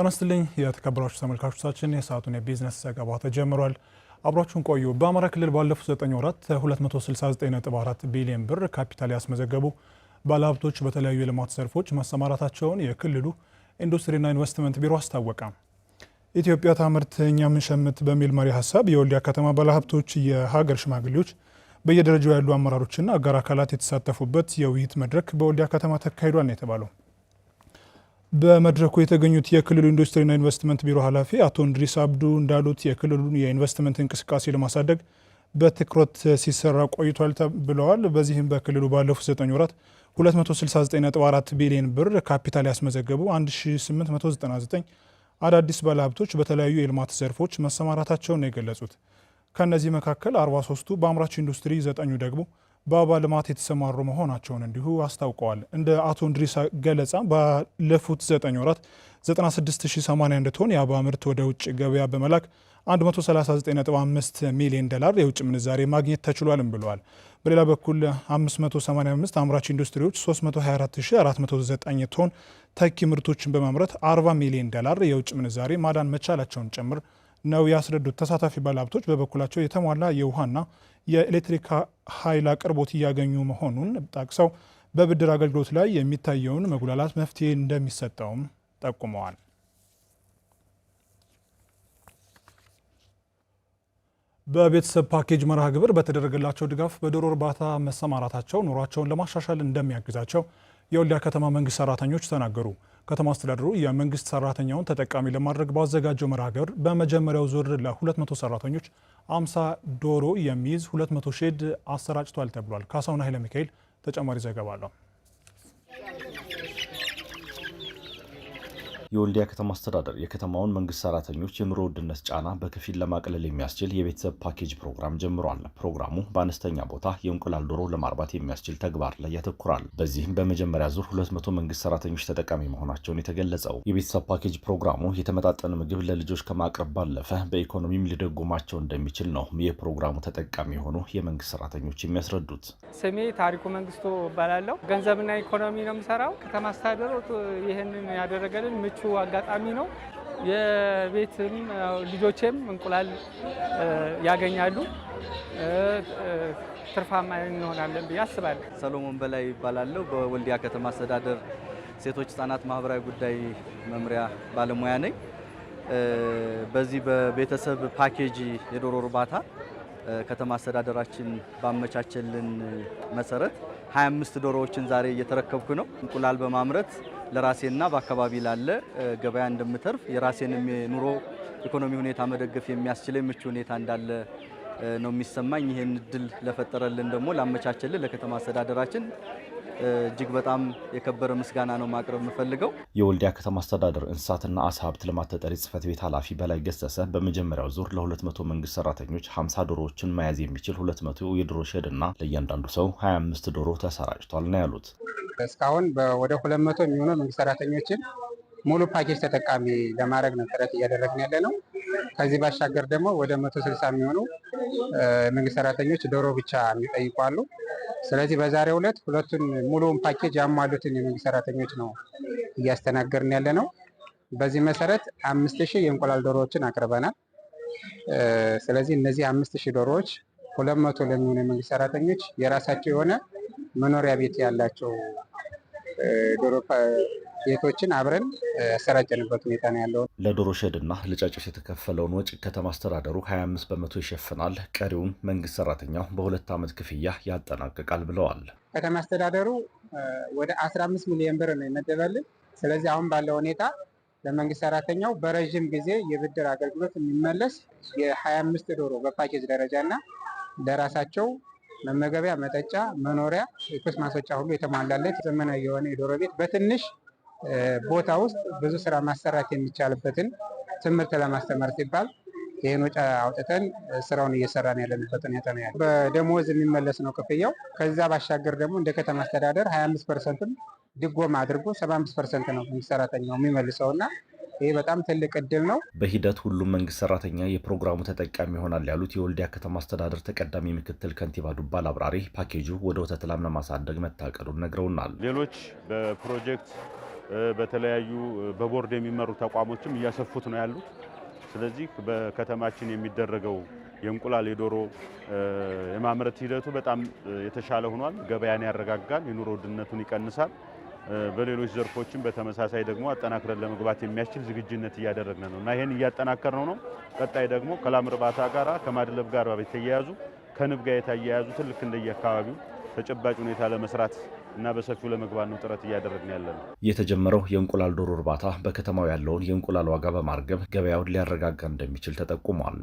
ጤና ይስጥልኝ የተከበራችሁ ተመልካቾቻችን፣ የሰዓቱን የቢዝነስ ዘገባ ተጀምሯል። አብሯችሁን ቆዩ። በአማራ ክልል ባለፉት 9 ወራት 269.4 ቢሊዮን ብር ካፒታል ያስመዘገቡ ባለሀብቶች በተለያዩ የልማት ዘርፎች መሰማራታቸውን የክልሉ ኢንዱስትሪና ኢንቨስትመንት ቢሮ አስታወቀ። ኢትዮጵያ ታምርት እኛ ምንሸምት በሚል መሪ ሀሳብ የወልዲያ ከተማ ባለሀብቶች፣ የሀገር ሽማግሌዎች፣ በየደረጃው ያሉ አመራሮችና አጋር አካላት የተሳተፉበት የውይይት መድረክ በወልዲያ ከተማ ተካሂዷል ነው የተባለው። በመድረኩ የተገኙት የክልሉ ኢንዱስትሪና ኢንቨስትመንት ቢሮ ኃላፊ አቶ እንድሪስ አብዱ እንዳሉት የክልሉን የኢንቨስትመንት እንቅስቃሴ ለማሳደግ በትኩረት ሲሰራ ቆይቷል ብለዋል። በዚህም በክልሉ ባለፉት 9 ወራት 269.4 ቢሊዮን ብር ካፒታል ያስመዘገቡ 1899 አዳዲስ ባለሀብቶች በተለያዩ የልማት ዘርፎች መሰማራታቸውን ነው የገለጹት። ከእነዚህ መካከል 43ቱ በአምራች ኢንዱስትሪ፣ ዘጠኙ ደግሞ በአበባ ልማት የተሰማሩ መሆናቸውን እንዲሁ አስታውቀዋል። እንደ አቶ እንድሪስ ገለጻ ባለፉት 9 ወራት 96081 ቶን የአበባ ምርት ወደ ውጭ ገበያ በመላክ 139.5 ሚሊዮን ዶላር የውጭ ምንዛሬ ማግኘት ተችሏልም ብለዋል። በሌላ በኩል 585 አምራች ኢንዱስትሪዎች 324409 ቶን ተኪ ምርቶችን በማምረት 40 ሚሊዮን ዶላር የውጭ ምንዛሬ ማዳን መቻላቸውን ጭምር ነው ያስረዱት። ተሳታፊ ባለሀብቶች በበኩላቸው የተሟላ የውሃና የኤሌክትሪክ ኃይል አቅርቦት እያገኙ መሆኑን ጠቅሰው በብድር አገልግሎት ላይ የሚታየውን መጉላላት መፍትሄ እንደሚሰጠውም ጠቁመዋል። በቤተሰብ ፓኬጅ መርሃ ግብር በተደረገላቸው ድጋፍ በዶሮ እርባታ መሰማራታቸው ኑሯቸውን ለማሻሻል እንደሚያግዛቸው የወልዲያ ከተማ መንግስት ሰራተኞች ተናገሩ። ከተማ አስተዳደሩ የመንግስት ሰራተኛውን ተጠቃሚ ለማድረግ ባዘጋጀው መርሃ ግብር በመጀመሪያው ዙር ለ200 ሰራተኞች 50 ዶሮ የሚይዝ 200 ሼድ አሰራጭቷል ተብሏል። ካሳሁን ኃይለ ሚካኤል ተጨማሪ ዘገባ አለው። የወልዲያ ከተማ አስተዳደር የከተማውን መንግስት ሰራተኞች የኑሮ ውድነት ጫና በከፊል ለማቅለል የሚያስችል የቤተሰብ ፓኬጅ ፕሮግራም ጀምሯል። ፕሮግራሙ በአነስተኛ ቦታ የእንቁላል ዶሮ ለማርባት የሚያስችል ተግባር ላይ ያተኩራል። በዚህም በመጀመሪያ ዙር 200 መንግስት ሰራተኞች ተጠቃሚ መሆናቸውን የተገለጸው የቤተሰብ ፓኬጅ ፕሮግራሙ የተመጣጠነ ምግብ ለልጆች ከማቅረብ ባለፈ በኢኮኖሚም ሊደጎማቸው እንደሚችል ነው የፕሮግራሙ ተጠቃሚ የሆኑ የመንግስት ሰራተኞች የሚያስረዱት። ስሜ ታሪኩ መንግስቱ እባላለሁ። ገንዘብና ኢኮኖሚ ነው የምሰራው። ከተማ አስተዳደሩ ይህንን ያደረገልን ምቹ ምቹ አጋጣሚ ነው። የቤትም ልጆቼም እንቁላል ያገኛሉ። ትርፋማ እንሆናለን ብዬ አስባለሁ። ሰሎሞን በላይ ይባላለሁ። በወልዲያ ከተማ አስተዳደር ሴቶች ህጻናት ማህበራዊ ጉዳይ መምሪያ ባለሙያ ነኝ። በዚህ በቤተሰብ ፓኬጅ የዶሮ እርባታ ከተማ አስተዳደራችን ባመቻቸልን መሰረት 25 ዶሮዎችን ዛሬ እየተረከብኩ ነው። እንቁላል በማምረት ለራሴና በአካባቢ ላለ ገበያ እንደምተርፍ የራሴንም የኑሮ ኢኮኖሚ ሁኔታ መደገፍ የሚያስችለኝ ምቹ ሁኔታ እንዳለ ነው የሚሰማኝ። ይህን እድል ለፈጠረልን ደግሞ ላመቻቸልን ለከተማ አስተዳደራችን እጅግ በጣም የከበረ ምስጋና ነው ማቅረብ የምፈልገው። የወልዲያ ከተማ አስተዳደር እንስሳትና አሳ ሀብት ልማት ተጠሪ ጽህፈት ቤት ኃላፊ በላይ ገሰሰ በመጀመሪያው ዙር ለ200 መንግስት ሰራተኞች 50 ዶሮዎችን መያዝ የሚችል 200 የዶሮ ሸድ እና ለእያንዳንዱ ሰው 25 ዶሮ ተሰራጭቷል ነው ያሉት። እስካሁን ወደ 200 የሚሆኑ መንግስት ሰራተኞችን ሙሉ ፓኬጅ ተጠቃሚ ለማድረግ ነው ጥረት እያደረግን ያለ ነው። ከዚህ ባሻገር ደግሞ ወደ 160 የሚሆኑ መንግስት ሰራተኞች ዶሮ ብቻ የሚጠይቋሉ። ስለዚህ በዛሬው ዕለት ሁለቱን ሙሉውን ፓኬጅ ያሟሉትን የመንግስት ሰራተኞች ነው እያስተናገርን ያለ ነው። በዚህ መሰረት አምስት ሺህ የእንቁላል ዶሮዎችን አቅርበናል። ስለዚህ እነዚህ አምስት ሺህ ዶሮዎች ሁለት መቶ ለሚሆኑ የመንግስት ሰራተኞች የራሳቸው የሆነ መኖሪያ ቤት ያላቸው ቤቶችን አብረን ያሰራጨንበት ሁኔታ ነው ያለው። ለዶሮ ሸድና ለጫጩት የተከፈለውን ወጪ ከተማ አስተዳደሩ 25 በመቶ ይሸፍናል፣ ቀሪውን መንግስት ሰራተኛው በሁለት ዓመት ክፍያ ያጠናቅቃል ብለዋል። ከተማ አስተዳደሩ ወደ 15 ሚሊዮን ብር ነው ይመደበልን። ስለዚህ አሁን ባለው ሁኔታ ለመንግስት ሰራተኛው በረዥም ጊዜ የብድር አገልግሎት የሚመለስ የ25 ዶሮ በፓኬጅ ደረጃ እና ለራሳቸው መመገቢያ፣ መጠጫ፣ መኖሪያ፣ ቁስ ማስወጫ ሁሉ የተሟላለት ዘመናዊ የሆነ የዶሮ ቤት በትንሽ ቦታ ውስጥ ብዙ ስራ ማሰራት የሚቻልበትን ትምህርት ለማስተማር ሲባል ይህን ወጪ አውጥተን ስራውን እየሰራን ያለንበት ሁኔታ ነው ያለ። በደሞዝ የሚመለስ ነው ክፍያው። ከዛ ባሻገር ደግሞ እንደ ከተማ አስተዳደር 25 ፐርሰንትም ድጎማ አድርጎ 75 ፐርሰንት ነው ሰራተኛው የሚመልሰው እና ይህ በጣም ትልቅ እድል ነው። በሂደት ሁሉም መንግስት ሰራተኛ የፕሮግራሙ ተጠቃሚ ይሆናል ያሉት የወልዲያ ከተማ አስተዳደር ተቀዳሚ ምክትል ከንቲባ ዱባል አብራሪ ፓኬጁ ወደ ወተት ላም ለማሳደግ መታቀዱን ነግረውናል። ሌሎች በፕሮጀክት በተለያዩ በቦርድ የሚመሩ ተቋሞችም እያሰፉት ነው ያሉት። ስለዚህ በከተማችን የሚደረገው የእንቁላል የዶሮ የማምረት ሂደቱ በጣም የተሻለ ሆኗል። ገበያን ያረጋጋል፣ የኑሮ ውድነቱን ይቀንሳል። በሌሎች ዘርፎችም በተመሳሳይ ደግሞ አጠናክረን ለመግባት የሚያስችል ዝግጅነት እያደረግን ነው እና ይህን እያጠናከር ነው ነው ቀጣይ ደግሞ ከላም እርባታ ጋር ከማድለብ ጋር የተያያዙ ከንብ ጋር የተያያዙ ትልቅ እንደየአካባቢው ተጨባጭ ሁኔታ ለመስራት እና በሰፊው ለመግባት ነው ጥረት እያደረግን ያለ ነው። የተጀመረው የእንቁላል ዶሮ እርባታ በከተማው ያለውን የእንቁላል ዋጋ በማርገብ ገበያውን ሊያረጋጋ እንደሚችል ተጠቁሟል።